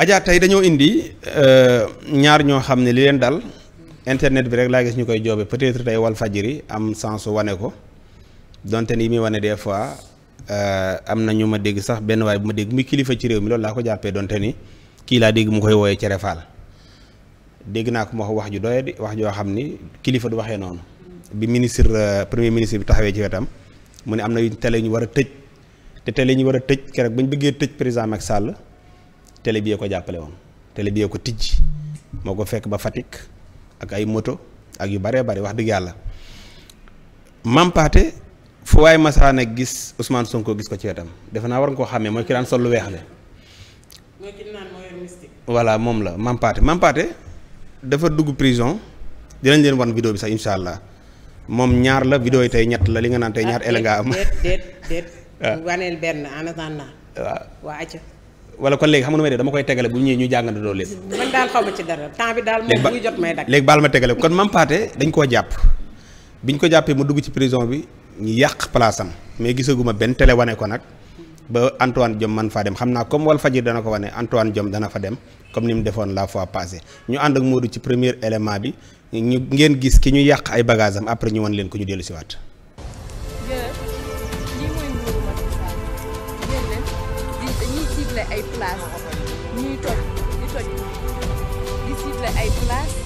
Adja tey dañoo indi euh, ñaar ñoo xam ne li leen dal internet bi rek laa gis ñu koy joobe peut-être tey wal fajiri am sens wane ko donte ni muy wane des fois euh, am na ñu ma dégg sax benn waay bu ma dégg muy kilifa ci réew mi loolu laa ko jàppee donte ni kii laa dégg mu koy wooyee cere faal dégg naa ko ma wax ju doye di wax joo xam ni kilifa du waxee noonu bi ministre euh, premier ministre bi taxawee ci wetam mu ne am na télé ñu war a tëj te télé ñu war a tëj keroog ba ñu bëggee tëj président Macky Sall télé bi ko jàppale woon télé bi ko tijj moo ko fekk ba Fatick ak ay moto ak yu bare bari wax dëgg yàlla mampaate fu masaan masaane gis Ousmane Sonko gis ko ci wetam defe naa war nga koo xàmmee mooy ki daan sol lu weex la moom la mampaate mampaate dafa dugg prison dinañ leen wan vidéo bi sax incha moom ñaar la vidéo yi tey ñett la naan tey ñaar ele ah, nga am ah. waa wala kon léegi xam nga nu may def dama koy tegale bu ñëwee ñu jàngandoo lépp. temps bi daal moom buy jot may dagg. léegi baal ma tegale kon Mame dañ koo jàpp ñu ko jàppee mu dugg ci prison bi ñu yàq place am mais gisaguma benn tele wane ko nag ba Antoine Diome man faa dem xam naa comme wal fajir dana ko wane Antoine Diome dana fa dem comme ni mu defoon la fois passée ñu ànd ak Modou ci premier élément bi ñu ngeen gis ki ñu yàq ay bagages am après ñu wan leen ko ñu dellu siwaat place ñuy toj di toj di ciblé ay place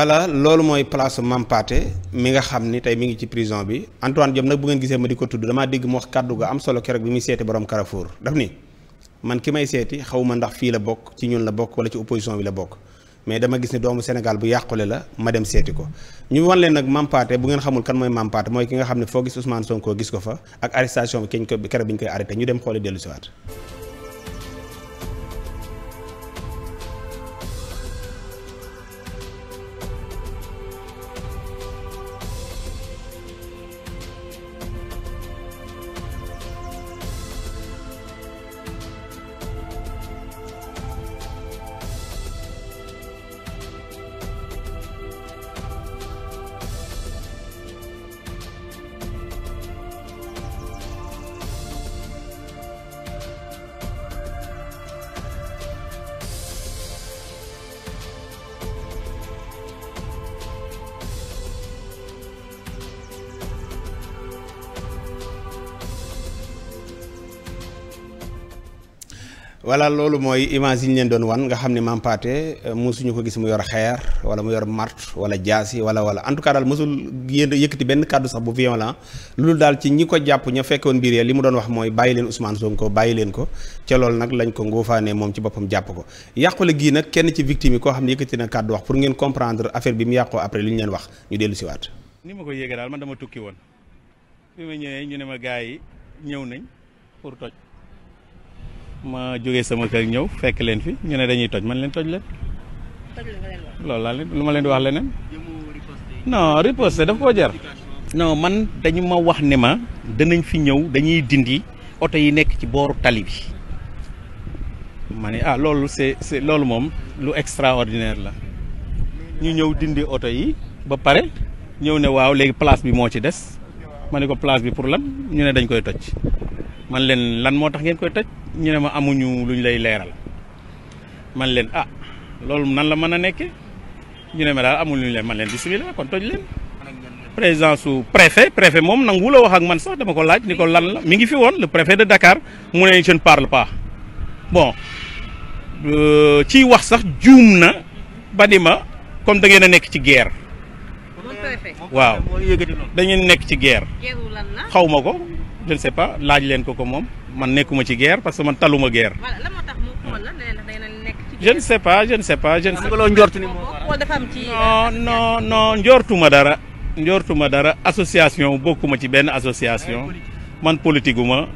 voilà loolu mooy place Mame Pathé mi nga xam ni tey mu ngi ci prison bi Antoine Diome nag bu ngeen gisee ma di ko tudd damaa dégg mu wax kàddu ga am solo keroog bi muy seeti borom Carrefour daf ni man ki may seeti xaw ma ndax fii la bokk ci ñun la bokk wala ci opposition bi la bokk mais dama gis ne doomu Sénégal bu yàqule la ma dem seeti ko ñu wan leen nag Mame Pathé bu ngeen xamul kan mooy Mame Pathé mooy ki nga xam ne foo gis Ousmane Sonko gis ko fa ak arrestation ko keroog ñu koy arrêté ñu siwaat voilà loolu mooy image yi ñu leen doon wan nga xam ne Mame Pathé euh, mosuñu ko gis mu yor xeer wala mu yor mart wala jaasi wala wala en tout cas daal mosul yéen yëkkati benn kàddu sax bu violent loolu daal ci ñi ko jàpp fekkoon mbir li mu doon wax mooy bàyyi leen Ousmane Sonko bàyyi leen ko ca nag lañ ko ngóofaanee moom ci boppam jàpp ko yàqule gii nag kenn ci victime yi koo xam ne yëkkati na kàddu wax pour ngeen ñu leen si waat ni ma ko yéegee daal man dama tukki woon bi ma ñëwee ñu ne ma gars yi ñëw nañ pour toj ma jógee sama kër ñëw fekk leen fi ñu ne dañuy toj man leen toj leen. loolu laa leen lu ma leen di wax leneen. non riposte daf koo jar. non man dañu ma wax ne ma danañ fi ñëw dañuy dindi oto yi nekk ci booru tali bi ma ne ah loolu loolu moom lu extraordinaire la ñu ñëw dindi oto yi ba pare ñëw ne waaw léegi place bi moo ci des ma ne ko place bi pour lan ñu ne dañ koy toj man leen lan moo tax ngeen koy toj. ñu ne ma amuñu lu ñu lay leeral man leen ah loolu nan la mën a nekkee ñu ne ma daal amuñu ñu leen man leen bisimilah kon toj leen. présence su préfet préfet moom nangu la wax ak man sax dama ko laaj ni ko lan la mi ngi fi woon le préfet de Dakar mu ne seen ne parle pas bon euh, ci wax sax juum na ba ni ma comme da ngeen a nekk ci guerre. waaw da ngeen nekk ci guerre. xaw ma ko. je ne sais pas laaj leen ko ko moom man nekkuma ci guerre parce que man taluma guerre. voilà lan moo tax mu xool la ne day nekk je ne sais pas je ne sais pas. je ne sais pas njortu ni non euh, non non njortuma dara. njortuma dara association bokkuma ci benn association man politique ma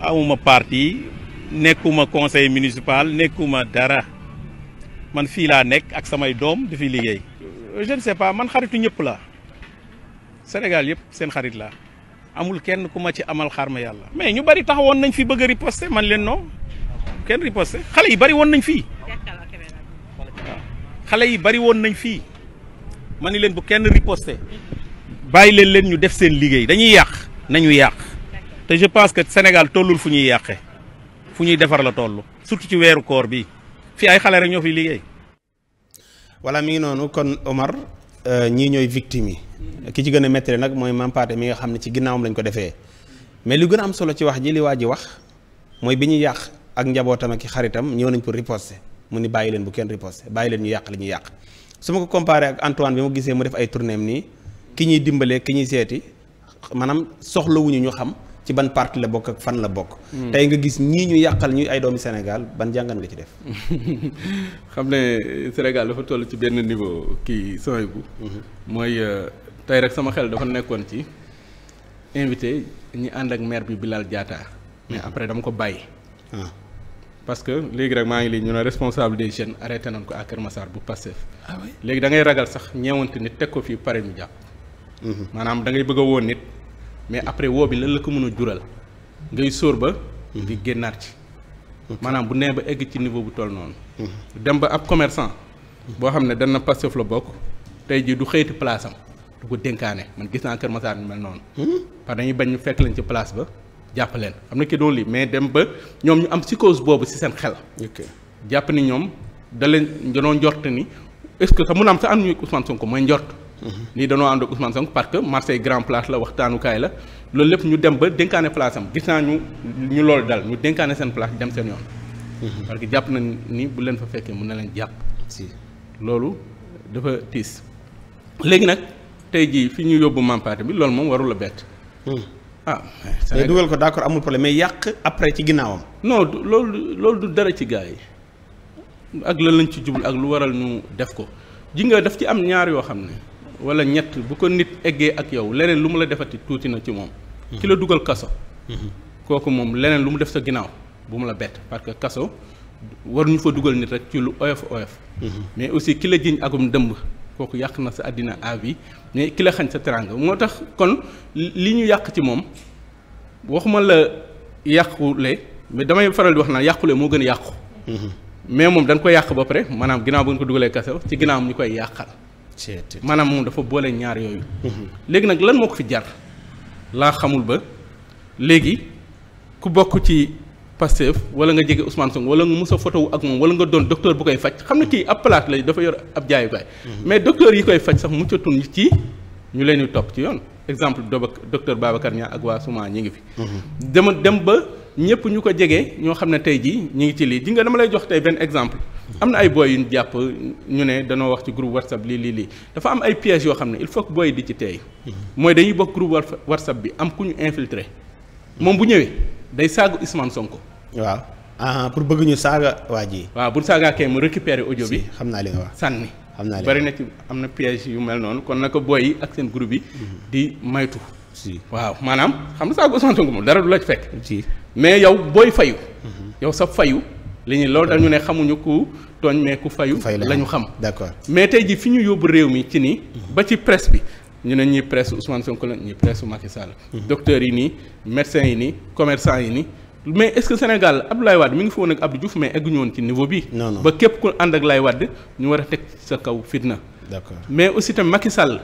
amuma parti nekkuma conseil municipal nekkuma dara man fii laa nekk ak samay doom di liggéey. je ne sais pas man xaritu ñëpp laa Sénégal yëpp seen xarit laa. amul kenn ku ma ci amal xaar yàlla mais ñu bari taxawoon nañ fi bëgg a riposter man leen non kenn riposter xale yi bari woon nañ fii xale yi bari woon nañ fii ma ni leen bu kenn riposter bàyyi leen leen ñu def seen liggéey dañuy yàq nañu yàq te je pense que Sénégal tollul fu ñuy yàqe fu ñuy defar la toll surtout ci weeru koor bi fii ay xale rek ñoo fi liggéey. voilà mi ngi noonu kon Omar. Euh, ñii ñooy victim yi ki ci gën a métti nag mooy Mame mi nga xam ne ci ginnaawam lañ ko defee mais lu gën a am solo ci wax ji li waa ji wax mooy bi ñuy yàq ak njabootam ak xaritam ñëw nañ pour riposter mu ni bàyyi leen bu kenn riposter bàyyi leen ñu yàq li ñuy yàq su ma ko comparé ak Antoine bi ma gisee mu def ay tournéem nii ki ñuy dimbalee ki ñuy seeti maanaam soxlawuñu ñu xam ci ban parti la bokk ak fan la bokk. Hmm. tey nga gis ñii ñu yàqal ñuy ay doomi senegal ban jàngan la ci def. xam ne Sénégal dafa toll ci benn niveau kii sooy bu. Hmm. mooy euh, tey rek sama xel dafa nekkoon ci invité ñi ànd ak maire bi bilaal Diatta. mais hmm. après dama ko bàyyi. Ah. parce que léegi rek maa ngi lii ñu ne responsable des jeunes arrêté nañ ko ak Kër Massar bu Pastef. Ah léegi da ngay ragal sax ñeewante nit teg ko fii pare ñu jàpp. maanaam da ngay woon nit. mais après woo bi lan la ko mën a jural ngay sóor ba mhm. di génnaat ci maanaam bu nee ba egg ci niveau bu toll noonu mhm. dem ba ab commerçant mhm. boo xam ne dana Pastef la bokk tey jii du xëyti place am du ko dénkaane man gis naa Kër Massar ñu mel noonu hmm? parce que dañuy bañ ñu fekk leen ci place ba jàpp leen xam na ki doon lii mais dem ba ñoom ñu am si psychose boobu ci seen xel jàpp ni ñoom da leen danoo njort ni est-ce que mun am sa am ñu Ousmane Sonko mooy njort nii dañoo ànd ak Ousmane Sonko parce que Marseille grand place la waxtaanukaay la loolu lépp ñu dem ba dénkaane place am gis naa ñu ñu loolu dal ñu dénkaane seen place dem seen yoon. Mhm. parce que jàpp nañ ni bu leen fa fekkee mën na leen jàpp. si loolu dafa tiis. léegi nag tey jii fi ñu yóbbu mampaate bi loolu moom warul a bett. Hmm. ah mais dugal ko d'accord amul problème mais yàq après ci ginnaawam. non du loolu loolu du dara ci gars yi ak lan lañ ci jublu ak lu waral ñu def ko ji nga daf ci am ñaar yoo xam ne. wala ñett bu ko nit eggee ak yow leneen lu mu la defati tuuti na ci moom. ki la dugal kaso. kooku moom leneen lu mu def sa ginnaaw bu mu la bett parce que kaso war ñu fa dugal nit rek ci lu oyof oyof. mais aussi ki la jiñ agum dëmb kooku yàq na sa àddina avi mais ki la xañ sa teranga moo tax kon li ñu yàq ci moom waxuma la yàqule mais damay faral di wax naan yàqule moo gën a yàqu. Mm-hmm. mais moom dañ ko yàq ba pare maanaam ginnaaw bu ñu ko dugalee kaso ci ginnaaw ñu koy yàqal. maanaam moom dafa boole ñaar yooyu. Mm-hmm. léegi nag lan moo ko fi jar laa xamul ba léegi ku bokk ci Pastef wala nga jege Ousmane Sonko wala nga mus a photo ak moom wala nga doon docteur bu koy faj xam ne kii ab palaat lay dafa yor ab jaayukaay. Mm-hmm. mais docteur yi koy faj sax muccatuñ ci ñu leen di topp ci yoon exemple doba docteur Babacar Niang ak waa Souma ñi ngi fi. Mm-hmm. dama dem ba ñëpp ñu ko jege ñoo xam ne tey jii ñu ngi ci lii dinga nga dama lay jox tey benn exemple. am na ay booy yu ñu jàpp ñu ne danoo wax ci groupe whatsapp lii lii lii dafa am ay pièges yoo xam ne il faut que booy di ci teey mm-hmm. mooy dañuy bokk groupe whatsapp bi am ku ñu infiltré moom bu ñëwee day saagu Ousmane Sonko. waaw ah pour bëgg waa ji. waaw bu saagaa kay mu récupérer bi xam naa li nga wax sànni. xam bari na ci am na piège yu mel noonu kon naka booy yi ak seen group yi. Mm-hmm. di maytu. si waaw maanaam xam nga saaga Ousmane Sonko moom dara du la fekk. si mais yow booy fayu. Mm-hmm. yow sa fayu. li ñuy loolu dañu ne xamuñu ku tooñ mais ku fayu la ñu xam d'accord mais tey ji fi ñu yóbbu réew mi ci nii ba ci presse bi ñu ne ñii presse Ousmane Sonko la ñii presse Macky Sall mhm. docteurs yi nii médecins yi nii commerçants yi nii mais est-ce que Sénégal Abdoulaye Wade mi ngi fi woon ak Abdou Diouf mais egguñu woon ci niveau bi ba képp ku ànd ak Laye Wade ñu war a teg sa kaw fitna d'accord mais aussi tamit Macky Sall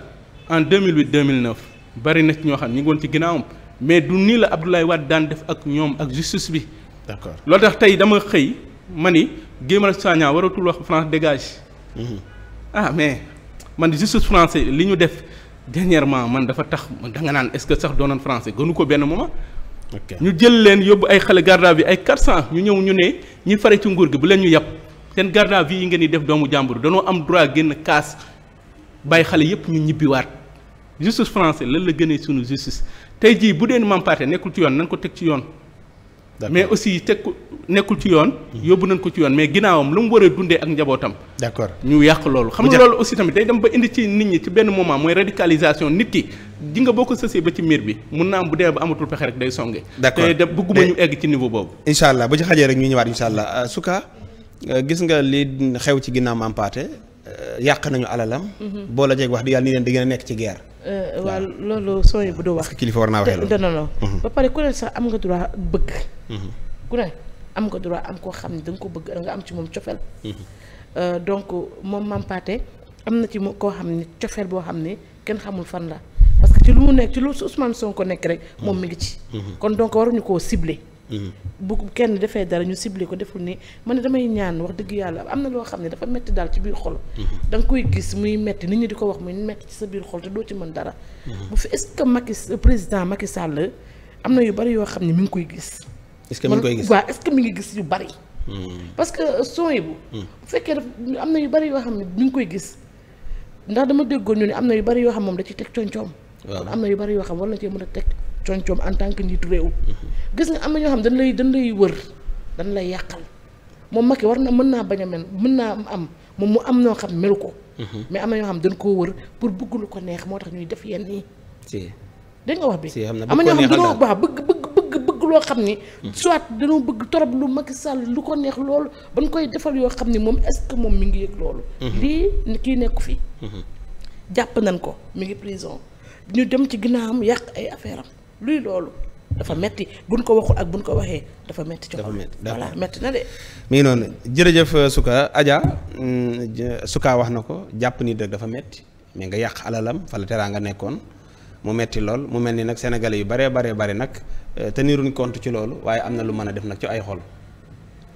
en 2008 2009 bari na ci ñoo xam ñu ngi woon ci ginnaawam mais du nii la Abdoulaye Wade daan def ak ñoom ak justice bi d'accord loolu tax tey dama xëy ma ni Guy Marius Sagna waratul wax France dégage. Mhm. ah mais man justice français li ñu def dernièrement man dafa tax da nga naan est-ce que sax doonoon français gënu ko benn moment. ñu jël leen yóbbu ay xale garde à vue ay 400 ñu ñëw ñu ne ñi fare ci nguur gi bu leen ñu yàpp seen garde à vue yi ngeen di def doomu jàmbur danoo am droit génn kaas bàyyi xale yépp ñu ñibbiwaat justice français lan la gënee sunu justice tey jii bu dee mampaate nekkul ci yoon nan ko teg ci yoon. mais aussi teg ko nekkul ci yoon. Mhm. yóbbu nañ ko ci yoon mais ginnaawam lu mu waree dundee ak njabootam. d'accord ñu yàq loolu. xam nga loolu aussi tamit day dem ba indi ci nit ñi ci benn moment mooy radicalisation nit ki di nga boo ko sësee ba ci miir bi mun naa am bu dee ba amatul pexe rek day songe. d'accord te de bëgguma ñu egg ci niveau boobu. incha allah bu ci xajee rek ñu ñëwaat incha allah euh, suka euh, gis nga li xew ci ginnaaw Mampaate euh, yàq nañu alalam. Mhm. boo la jeeg wax di yàlla ni leen di nekk ci guerre Euh, waaw loolu sooy bu du wax. kilifa war naa waxee loolu non non. Mhm. ba pare ku ne sax am nga droit bëgg. Mhm. ku ne am nga droit am koo xam ne da nga ko bëgg da nga am ci moom cofeel. Mhm. Euh, donc moom Mame Pathé am na ci mu koo xam ne cofeel boo xam ne kenn xamul fan la parce que ci lu mu nekk ci lu Ousmane ko nekk rek. moom mi ngi ci. kon donc waruñu koo cibler. Mm-hmm. bu kenn defee dara ñu ciblé ko deful ni ma ne damay ñaan wax dëgg yàlla am na loo xam ne dafa metti daal ci biir xol mm-hmm. da koy gis muy metti nit ñi di ko wax muy metti ci sa biir xol te doo ci mën dara mm-hmm. bu fi est-ce président Macky Sall am na yu bari yoo xam ne mi ngi koy gis est que mi koy gis waaw est-ce que mi ngi gis yu bari parce que euh, son yi bu fekkee daf am na yu bari yoo xam ne mi ngi koy gis ndax dama déggoon ñu ne am na yu bari yoo xam moom da ciy teg coom-coom kon am na yu bari yoo xam war na cee mën a teg coom en tant que njiitu réew. gis nga am na ñoo xam dañ lay dañ lay wër dañ lay yàqal moom yi war na mën naa bañ a mel mën naa am moom mu am noo xam melu ko. Mhm. mais am na ñoo xam dañ koo wër pour bëgg lu ko neex moo tax ñuy def yenn yi. si nga wax bi. si am na ñoo xam dañoo baax bëgg bëgg loo xam ni. Mhm. soit dañoo bëgg torop lu Macky Sall lu ko neex loolu ba ñu koy defal yoo xam ni moom est-ce moom mu ngi yëg loolu. Mhm. lii kii nekku fi. jàpp nañ ko mu ngi prison ñu dem ci ginnaawam yàq ay affaire am luy loolu dafa metti buñ ko waxul ak bu buñ ko waxee dafa metti ci xol voilà metti na de mi ngi noonu jërëjëf euh, Souka Adja mm, Souka wax na ko jàpp nii rek dafa metti mais nga yàq alalam fa la teraa nga nekkoon mu metti lool mu mel ni nag sénégalais yu baree baree bari nag te euh, teniruñ kont ci loolu waaye am na lu mën a def nag ci ay xol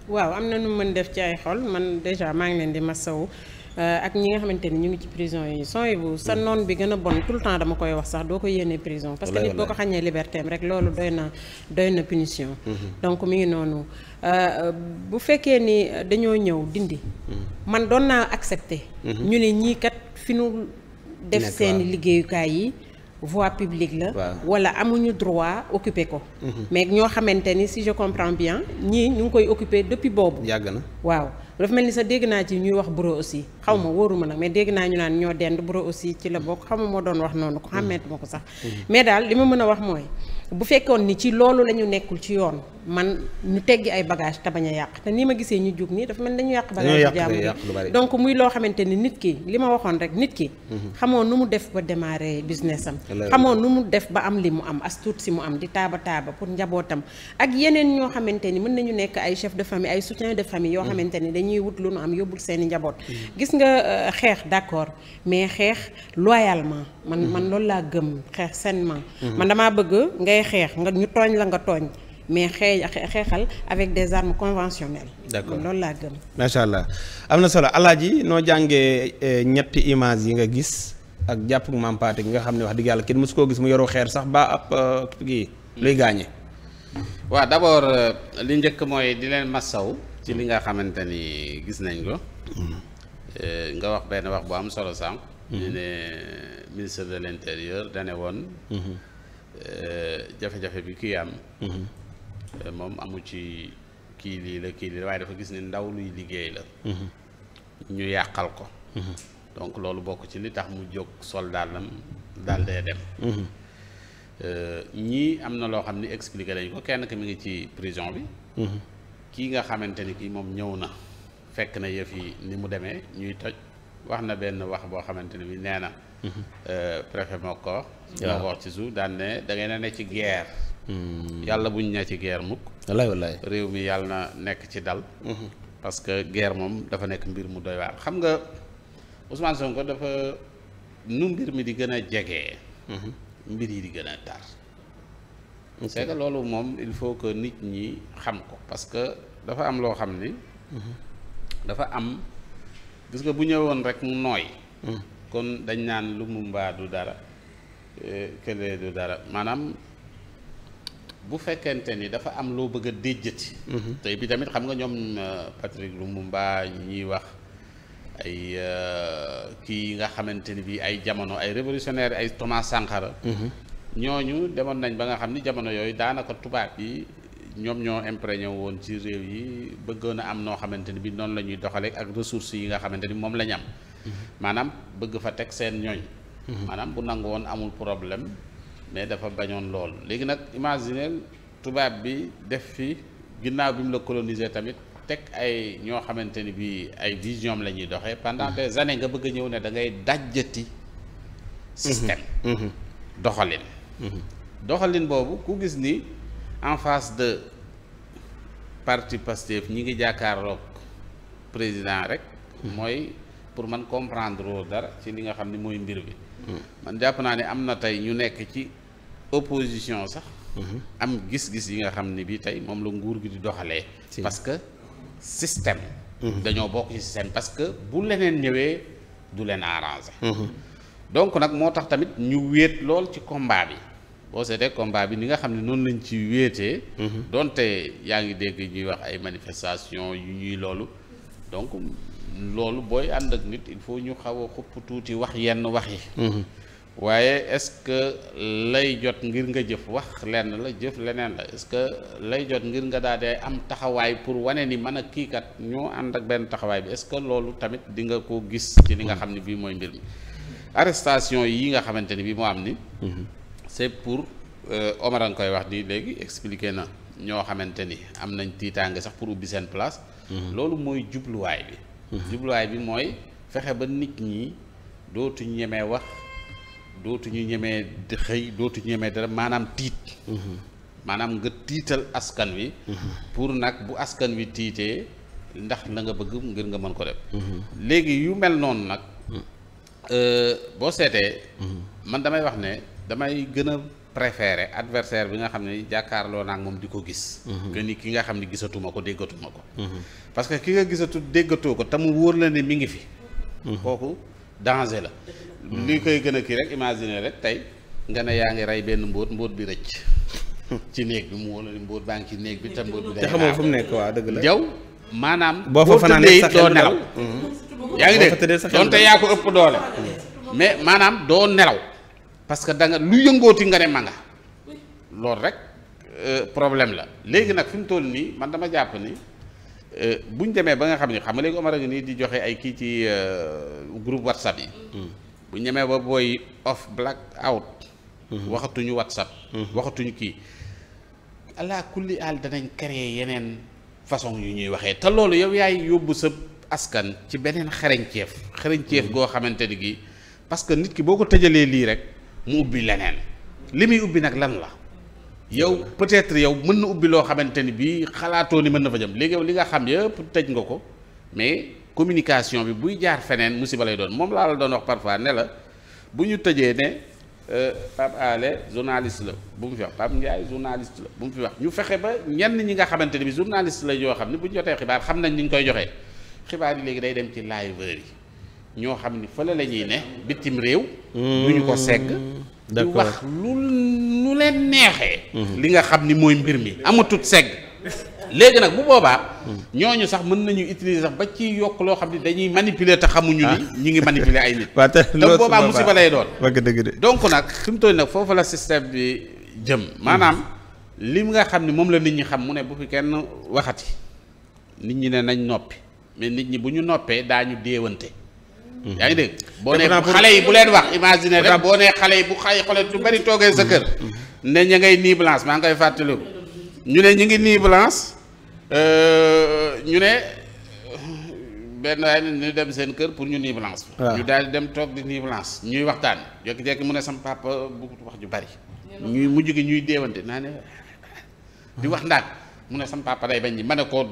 waaw am na nu mën def ci ay xol man déjà maa ngi leen di ma masawu Euh, ak ñi nga xamante ni ñu ngi ci prison yi son yi bu sa hmm. noon bi gën a bon tout le temps dama koy wax sax doo ko yéenee prison parce que nit boo ko xañee liberté am rek loolu doy na doy na punition hmm. donc mu ngi noonu euh, bu fekkee ni dañoo ñëw dindi hmm. man doon naa accepter ñu ne ñii kat fi nu def seeni liggéeyukaay yi voie publique la. wala amuñu droit occuper ko. Mhm. mais ñoo xamante ni si je comprends bien ñii ñu ngi koy occuper depuis boobu. yàgg na waaw dafa mel ni sa dégg naa ci ñuy wax bureau aussi xaw ma mhm. wóoruma nag mais dégg naa ñu naan ñoo dend bureau aussi ci la bokk xaw ma moo doon wax noonu. ko mhm. xàmmeet ma ko sax. mais daal li ma mën a wax mooy bu fekkoon ni ci loolu la ñu nekkul ci yoon. man ñu teggi ay bagage te bañ yàq te nii ma gisee ñu jug nii dafa mel dañu yàq bagage jàmm donc muy loo xamante ni nit ki li ma waxoon rek nit ki mhm. xamoon nu mu def ba démarrer business am xamoon nu mu def ba am li mu am as si mu am di taaba taaba pour njabootam ak yeneen ñoo xamante ni mën nañu nekk ay chef de famille ay soutien de famille yoo mhm. xamante ni dañuy wut lu nu am yóbbul seeni njaboot mhm. gis nga euh, xeex d'accord mais xeex loyalement man man loolu laa gëm xeex sainement man damaa bëgg ngay xeex nga ñu tooñ la nga tooñ mais xee xeexal avec des armes conventionnelles. d'accord loolu laa gëm. macha allah am na solo alaaji noo jàngee eh, ñetti image yi nga gis ak jàpp mampaate gi nga xam ne wax dëgg yàlla kenn mësu koo gis mu yoru xeer sax ba ab eh, kii luy gaañe. waaw d'abord eh, li njëkk mooy di leen massaw ci li nga xamante ni gis nañ ko. Hmm. nga wax benn wax bu am solo sànq. Hmm. ñu ne ministre de l'intérieur dane woon. Hmm. jafe-jafe bi kii am. moom amu ci kii lii la kii la waaye dafa gis ne ndaw luy liggéey la mhm. ñu yàqal ko mhm. donc loolu bokk ci li tax mu jóg sol dàllam daal dee dem mhm. euh, ñii am na loo xam ni expliqué lañu ko kenn ki mi ngi ci prison bi kii nga xamante ni kii moom ñëw na fekk na yëf yi ni mu demee ñuy toj wax na benn wax boo xamante ne bi nee na euh, préfet moo ko moo ko ci suuf daan ne da ngay ci guerre Hmm. yàlla buñ ne ci guerre mukk wallaay wallaay réew mi yàlla na nekk ci dal hmm. parce que guerre moom dafa nekk mbir mu doy waar xam nga Ousmane Sonko dafa nu mbir mi di gën a jege. Hmm. mbir yi di gën a tar c'est que loolu moom il faut que nit ñi xam ko parce que dafa am loo xam ni dafa am gis nga bu ñëwoon rek mu nooy kon dañ naan lu mu du dara eh, kële du dara maanaam bu fekkente ni dafa am loo bëgg a déjjati. Mhm. tey bi tamit xam nga ñoom euh, Patrick Lumumba ñuy wax ay euh, kii nga xamante ni bii ay jamono ay révolutionnaire ay Thomas Sankara. Mhm. ñooñu demoon nañ ba nga xam ni jamono yooyu daanaka tubaab yi ñoom ñoo imprégné woon ci réew yi bëggoon a am noo xamante ni bi noonu la ñuy doxalee ak ressources yi nga xamante ni moom la am. Mhm. maanaam bëgg fa teg seen ñooñ. maanaam bu nangu woon amul problème. mais dafa bañoon loolu léegi nag imaginer tubaab bi def fi ginnaaw bi mu la coloniser tamit teg ay ñoo xamante ni bi ay vision la ñuy doxee pendant mm-hmm. des années nga bëgg a ñëw ne dangay ngay dajjati système mm-hmm. Mm-hmm. doxalin doxalin boobu ku gis ni en face de partie Pastef ñi ngi jàkkaarloog président rek mooy pour man comprendre dara ci li nga xam ni mooy mbir bi man jàpp naa ne am na tey ñu nekk ci opposition sax. Mhm. am gis-gis yi nga xam ne bii tey moom la nguur gi di doxalee. parce que système. Mhm. dañoo bokk ci système parce que bu leneen ñëwee du leen arranger. Mhm. donc nag moo tax tamit ñu wéet lool ci combat bi boo seetee combat bi ni nga xam ne noonu lañ ci wéetee. donte yaa ngi dégg ñuy wax ay manifestation yu ñuy loolu donc loolu booy ànd ak nit il faut ñu xaw a xupp tuuti wax yenn wax yi. waaye est-ce que lay jot ngir nga jëf wax lenn la jëf leneen la est-ce que lay jot ngir nga daal di am taxawaay pour wane ni mën a kii kat ñoo ànd ak benn taxawaay bi est-ce loolu tamit di nga ko gis ci li nga xam ne bii mooy mbir arrestation yi nga xamante ni bii moo am ni mhm. c'est pour euh, Omar a nga koy wax di léegi expliquer na ñoo xamante ni am nañ tiitaange sax pour ubbi seen place mhm. loolu mooy jubluwaay bi mhm. jubluwaay bi mooy fexe ba nit ñi dootuñ ñemee wax dootuñu ñemee di dootu dootuñu ñemee dara maanaam tiit mhm. maanaam nga tiital askan wi mhm. pour nag bu askan wi tiitee ndax la nga bëgg ngir nga mën ko def mhm. léegi yu mel noonu nag euh, boo seetee man damay wax ne damay gën a préféré adversaire bi nga xam ne jàkkaarloo naa moom di ko gis que ni ki nga xam ne gisatuma ko déggatuma ko parce que ki nga gisatu déggatoo ko te wóor la ne mi ngi fi kooku danger la li koy gën a kii rek imaginer rek tey nga ne yaa ngi rey benn mbóot mbóot bi rëcc ci néeg bi mu wóor ni mbóot baa ngi ci néeg bi te mbóot bi day xamoo fu mu nekk waa dëgg la yow maanaam boo fa fanaanee sax doo nelaw mm-hmm. yaa ngi dégg donte yaa ko ëpp doole mais maanaam doo nelaw parce que da nga lu yëngooti nga ne ma nga loolu rek euh, problème la léegi nag fi mu toll nii man dama jàpp ni euh, buñ demee ba nga xam ni xam nga léegi Omar a ngi nii di joxe ay kii ci euh, groupe WhatsApp yi mm-hmm. bu ñemee ba booy off black out. Mhm. waxatuñu whatsapp. Mhm. waxatuñu kii ala kulli àll danañ créer yeneen façon yu ñuy waxee te loolu yow yaay yóbbu sa askan ci beneen xereñ ceef mhm. goo xamante ni gi parce que nit ki boo ko tëjalee lii rek mu ubbi leneen li muy ubbi nag lan la. yow peut-être yow mën na ubbi loo xamante ni bii xalaatoo ni mën na fa li nga xam yëpp tëj nga ko mais. communication bi buy jaar feneen musiba lay doon moom laa la doon wax parfois ne la bu ñu tëjee ne euh, Pape ale journaliste la bu mu fi wax Pape Ndiaye journaliste la bu mu fi wax ñu fexe ba ñenn ñi nga xamante ni bi journaliste la yoo xam ne bu ñu jotee xibaar xam nañ ni ñu koy joxee xibaar yi léegi day dem ci liveur yi ñoo xam ni fële la ñuy ne bitim réew hmm. du ñu ko segg di wax lu lu leen neexee hmm. li nga xam ni mooy mbir mi amatut segg léegi nag bu boobaa. Hmm. ñooñu sax mën nañu utiliser sax ba ci yokk loo xam ne dañuy manipuler te xamuñu ni. Ah. ñu ngi manipuler ay nit. waaw te loolu boobaa musiba doon. bëgg dëgg donc nag fi mu toll nag foofu la système bi jëm. Hmm. maanaam li nga xam ne moom la nit ñi xam mu ne bu fi kenn waxati nit ñi ne nañ noppi mais nit ñi bu ñu noppee daañu déewante. Hmm. yaa ngi dégg boo nee xale yi bu leen wax imaginer rek boo nee xale yi bu xay xole lu bari toogee sa kër. ne ña ngay nii balance maa ngay fàttaliku. ñu ne ñu ngi nii balance Euh, ñu ne benn waay ñu dem seen kër pour ñu niblance ñu daal di dem toog di niblance ñuy waxtaan jékki jekki mu ne sama papa bëggut wax ju bari ñuy mujj gi ñuy déewante naa ne di wax ndaat mu ne sama papa day bañ ma ne ko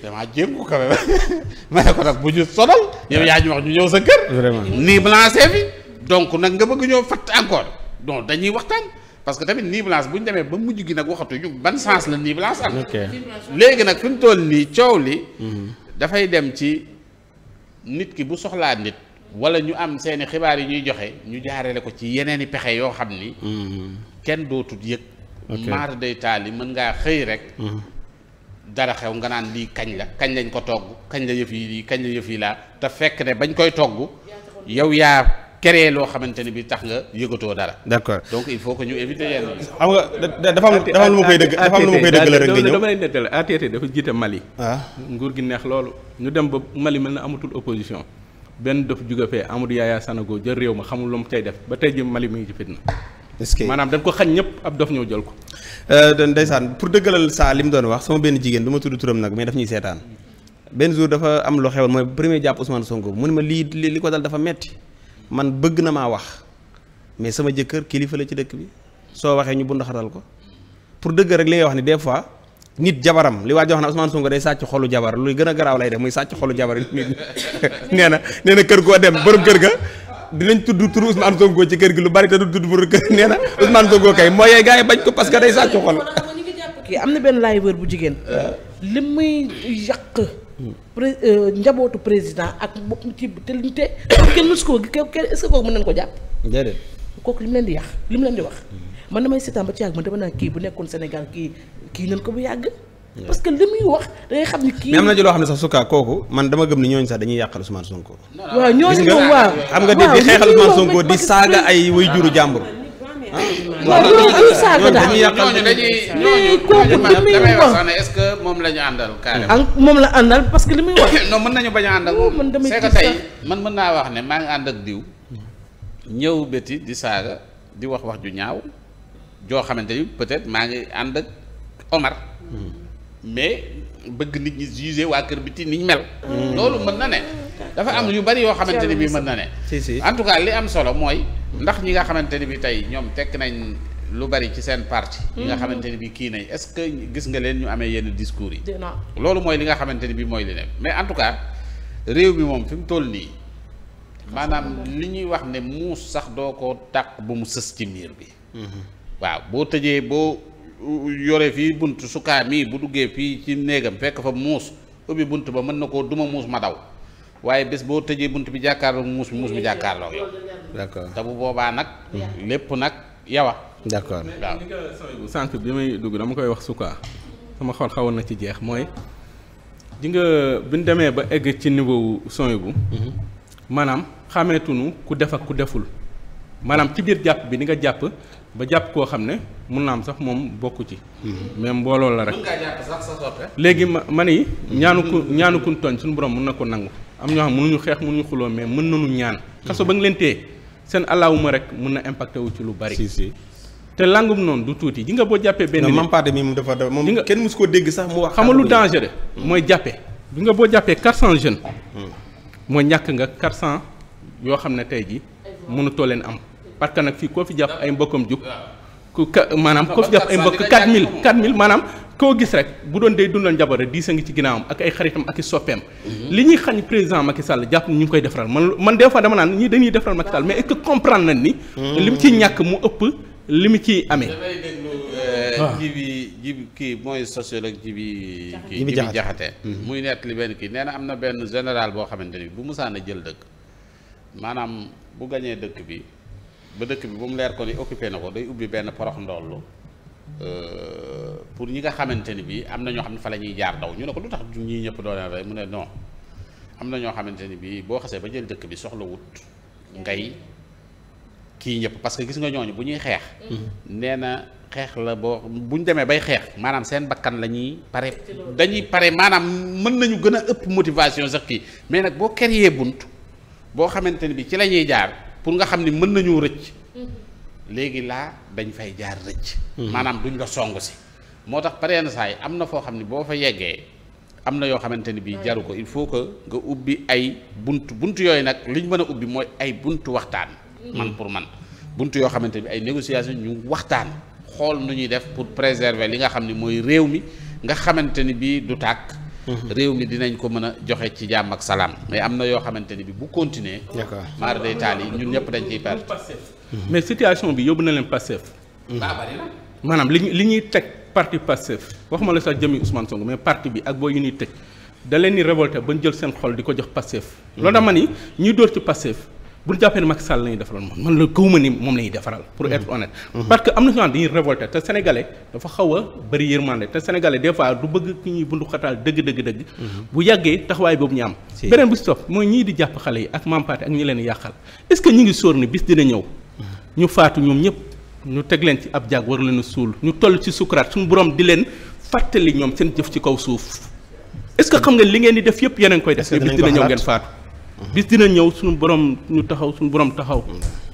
damaa jéngu quand même ma ne ko nag bu ñu sonal yow yaa ñu wax ñu ñëw sa kër niblance fi donc nag nga bëgg ñoo fatt encore donc dañuy waxtaan parce que tamit niblance bu ñu demee ba mujj gi nag waxatuñu ban sens la niblance am. léegi nag fi mu toll nii coow li. Mhm. dafay dem ci nit ki bu soxlaa nit. wala ñu am seeni xibaar yi ñuy joxe ñu jaarale ko ci yeneen i pexe yoo xam ni. Mhm. kenn dootut yëg. maar day taal yi mën ngaa xëy rek. Mhm. dara xew nga naan lii kañ la kañ lañ ko togg kañ la yëf yi lii kañ la yëf yi laa te fekk ne bañ koy togg yow yaa. créer loo xamante ni bi tax nga yëgatoo dara. d'accord donc il faut que ñu éviter dafa am dafa koy dëgg dafa am lu ma koy dëgg la rek nga Mali. waaw ah. gi neex loolu. ñu dem ba Mali mel na amatul opposition benn dof jóge fee Amadou Yaya Sanogo jël réew ma xamul lu mu cay def ba tey jii Mali mi ngi ci fitna. est maanaam dañ ko xañ ñëpp ab dof ñëw jël ko. Euh, ndeysaan pour dëggalal saa li mu doon wax sama benn jigéen du ma tudd turam nag mais daf ñuy seetaan benn jour dafa am lu xewoon mooy premier jàpp Ousmane Sonko mu ne ma lii li ko dal dafa metti man bëgg na maa wax mais sama jëkkër kilifa la ci dëkk bi soo waxee ñu bu ndaxatal ko pour dëgg rek li ngay wax ni des fois nit jabaram li waa jox na Ousmane Sonko day sàcc xolu jabar luy gën a garaaw lay def muy sàcc xolu jabar nit nee na nee na kër goo dem borom kër ga dinañ tudd turu Ousmane Sonko ci kër gi lu bari te du tudd borom kër nee na Ousmane Sonko kay mooy yooyu gars yi bañ ko parce que day sàcc xol. am na benn laay wër bu jigéen. Euh. li muy yàq. pré euh, njabootu président ak bopp ci te lu te kenn mësu koo kenn est-ce que kooku mën nañu ko jàpp. déedéet kooku li mu leen di yàq li mu leen di wax. Mm-hmm. man damay seetaan ba ci yàgg man dama naa kii bu nekkoon Sénégal kii kii ko bu yàgg. parce que li muy wax da xam ni kii. mais na ci loo xam ne sax sukaa kooku man dama gëm ni ñooñu sax dañuy yàqal Ousmane Sonko. waaw ñooñu moom waaw xam nga di di xeexal Ousmane Sonko di saaga ay way juru jàmbur. waaw loolu amul saaga daal ñooñu kooku li muy moom la ñu àndal carrément moom la àndal parce que li muy wax non mën nañu bañ a àndal moom c'est que tey man mën naa wax ne maa ngi ànd ak diw ñëw béti di saaga di wax wax ju ñaaw joo xamante ni peut-être maa ngi ànd ak Omar mais bëgg nit ñi jugé waa kër bi ti niñ mel hmm. loolu mën na ne dafa am yu bari yoo xamante ni bi mën na ne en tout cas li am solo mooy ndax ñi nga xamante ni bi tey ñoom tekk nañ lu bari ci seen parti yi nga mhm. xamante ni bi kii nañ est-ce que gis nga leen ñu amee yenn discours yi loolu mooy li nga xamante ni bi mooy li ne mais en tout cas réew bi moom fi mu toll nii maanaam li ñuy wax ne muus sax doo ko tàq bu mu sës ci miir bi mhm. waaw boo tëjee boo yore fii bunt sukaa mii bu duggee fii ci néegam fekk fa muus ubbi bunt ba mën na koo duma muus ma daw waaye bés boo tëjee bunt bi jàkkaarloo muus muus mi jàkkaarloo yow d'accord te bu boobaa nag lépp nag yawa d'accord waaw ni nga sànq bi may dugg dama koy wax sukaa sama xol xawoon na ci jeex mooy di nga bi ñu demee ba egg ci niveau sony bu mhm. maanaam xameetunu ku def ak ku deful maanaam ci biir jàpp bi di nga jàpp ba jàpp koo xam ne mun naa am sax moom bokku ci mhm. mais mbooloo la rek léegi ma ma ni mhm. ñaanu ku ñaanu kun tooñ suñu borom mun na ko nangu am ñoo xam ñu xeex mu mënuñu xuloo mais mën nañu ñaan kaso ba nga leen téye seen allahuma rek mun na impacté wu ci lu bari. si te langum noonu du tuuti ji nga boo jàppee. benn nit non Mampate mi dafa dafa moom kenn musu ko dégg sax mu wax. xam lu dangereux hmm. mooy jàppee. bi nga boo jàppee quatre cent jeunes. Hmm. mooy ñàkk nga quatre cent yoo xam ne tey jii mënutoo leen am parce que nag fii koo fi jàpp ay mbokkam jug ku ka maanaam koo fi jàpp ay mbokk quatre mille quatre mille maanaam. koo gis rek bu doon day dundal njaboot rek diis a ngi ci ginnaawam ak ay xaritam ak i soppeem. li ñuy xañ président Macky Sall jàpp ñu ngi koy defaral man man des fois dama naan ñii dañuy defaral Macky Sall mais est-ce que comprendre ni. li mu ciy ñàkk mu ëpp li mu ciy amee. damay déglu euh, jibi jibi kii mooy sociologue jibi. kii jibi jaxate mhm. muy nekk li benn kii nee na am na benn général boo xamante ni bu musaana jël dëkk maanaam bu gañee dëkk bi ba dëkk bi ba mu leer ko ni occupé na ko day ubbi benn porox ndollu Euh, pour ñi nga xamante ni bii am na ñoo xam ne fa la ñuy jaar daw ñu ne ko lu tax ñii ñëpp doo leen rey mu ne non am na ñoo xamante ni bii boo xasee ba jël dëkk bi soxla wut ngay kii ñëpp parce que gis nga ñooñu bu ñuy xeex. Mm-hmm. nee na xeex la boo bu ñu demee bay xeex maanaam seen bakkan la ñuy pare dañuy pare maanaam mën nañu gën a ëpp motivation sax kii mais nag boo yee bunt boo xamante ni bii ci la ñuy jaar pour nga xam ni mën nañoo rëcc. Mm-hmm. léegi laa dañ fay jaar rëcc. Mhm. maanaam duñ la song si. moo tax na saa yi am na foo xam ne boo fa yeggee am na yoo xamante ni bii jaru ko il faut que nga ubbi ay bunt bunt yooyu nag li ñu mën a ubbi mooy ay buntu waxtaan. Mhm. man pour man buntu yoo xamante ni ay négociation ñu waxtaan. xool nu ñuy def pour préserver li nga xam ni mooy réew mi nga xamante ni bii du tàkk. Mhm. réew mi dinañ ko mën a joxe ci jàmm ak salaam. mais am na yoo xamante ni bii bu continuer. d'accord yi ñun ñëpp Mm-hmm. mais situation bi yóbbu na leen Pastef. Mm-hmm. maanaam li ñuy li ñuy teg parti wax waxuma la sax jëmi Ousmane Sonko mais parti bi ak boo yu ñuy teg da leen ni révolté ba ñu jël seen xol di ko jox Pastef. Mm-hmm. loolu dama ni ñuy dóor ci Pastef bu ñu jàppee ne Macky Sall la defaral man la gëwuma ni moom la defaral. pour être honnête. parce que am na ñoo xam dañuy révolté te sénégalais dafa xaw a bëri yërmande te sénégalais des fois du bëgg ki ñuy bundu xataal dëgg dëgg bu yàggee taxawaay boobu ñu am. beneen bu si jàpp xale yi ñi leen yàqal est ce que ñu ngi sóor ni bis dina ñëw ñu faatu ñoom ñëpp ñu teg leen ci ab jàg war leen suul ñu toll ci sukuraat suñu borom di leen fàttali ñoom seen jëf ci kaw suuf est-ce que xam nga li ngeen di def yëpp yeneen koy def bis dina ñëw ngeen faatu bis dina ñëw suñu borom ñu taxaw suñu borom taxaw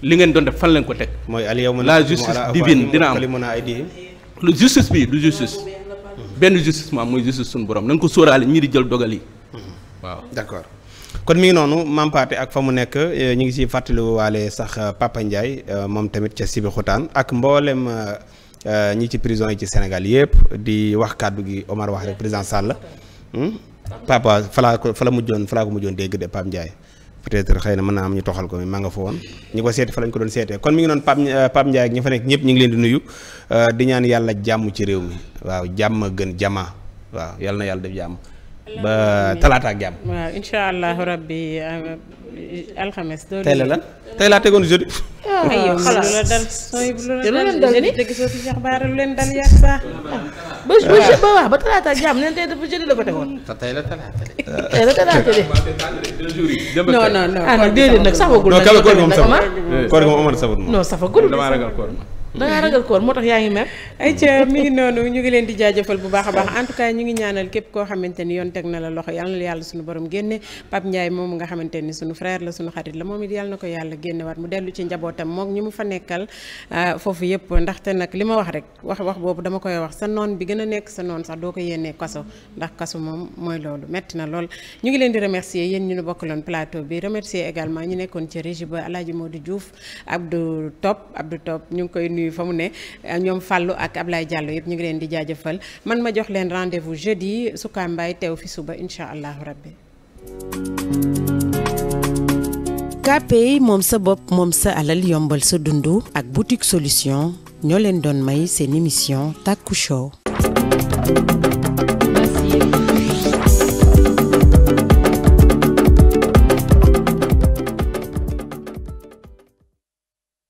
li ngeen doon def fan leen ko teg mooy la justice divine dina am lu justice bi du justice benn justice mu am mooy justice suñu borom na nga ko sóoraale ñi di jël dogal yi waaw d'accord kon mi ngi noonu mampaate ak fa mu nekk eh, ñu ngi siy fàttaliwaale sax eh, Papa Ndiaye eh, moom tamit ca Sébikotane ak mboolem ñi ci prison yi ci Sénégal yëpp di wax kàddu gi Omar wax rek président Sall hmm? papa falaa ko fa la mujjoon falaa ko mu joon de Pape Ndiaye peut-être xëy na mën na am ñu toxal ko mais maa nga fa woon ñi ko seeti fa lañ ko doon seetee kon mi ngi noon Pape Pape Ndiaye ak ñi fa nekk ñëpp ñu ngi leen di nuyu di ñaan yàlla jàmm ci réew mi waaw jàmm gën jama waaw yàlla na yàlla def jàmm ba talaata ak jàmm. waaw incha allah rabbi euh, alxames. la lan tey laa tegoon jeudi. Ah, aywa xalaat lu la dal sooy lu la dal jeudi dëgg soo leen dal yàgg saa. ba ba ba waaw ba talaata ak jàmm nee tey dafa jeudi la ko tegoon. tey la talaata de. tey la talaata de. non non non. ah safagul nag. safagul. Ah. damaa ragal koor ma. da ngaa ragal koor moo tax yaa ngi mer. ayca mi ngi noonu ñu ngi leen di jaajëfal bu baax a baax en ñu ngi ñaanal képp koo xamante ni yoon teg na la loxo yàlla na yàlla suñu borom génne Pape Ndiaye moom nga xamante ni suñu frère la suñu xarit la moom it yàlla na ko yàlla génne waat mu dellu ci njabootam moog ñi mu fa nekkal ah, foofu yëpp ndaxte nag li ma wax rek wax wax boobu dama koy wax sa noon bi gën a nekk sa noon sax doo ko yéenee kaso ndax kaso moom mooy loolu metti na lool ñu ngi leen di remercier yéen ñu nu bokkaloon plateau bi remercier également ñu nekkoon ci régie ba Alaaji Modou Diouf Abdou Top Abdou Top ñu ngi koy bi fa mu ne ñoom Fallou ak Ablaye Diallo ñu ngi leen di jaajëfal man ma jox leen rendez-vous jeudi Souka Mbaye teew fi suba incha allahu rabbi KPI moom sa bopp moom sa alal yombal sa dund ak boutique solution ñoo leen doon may seen émission Taku Show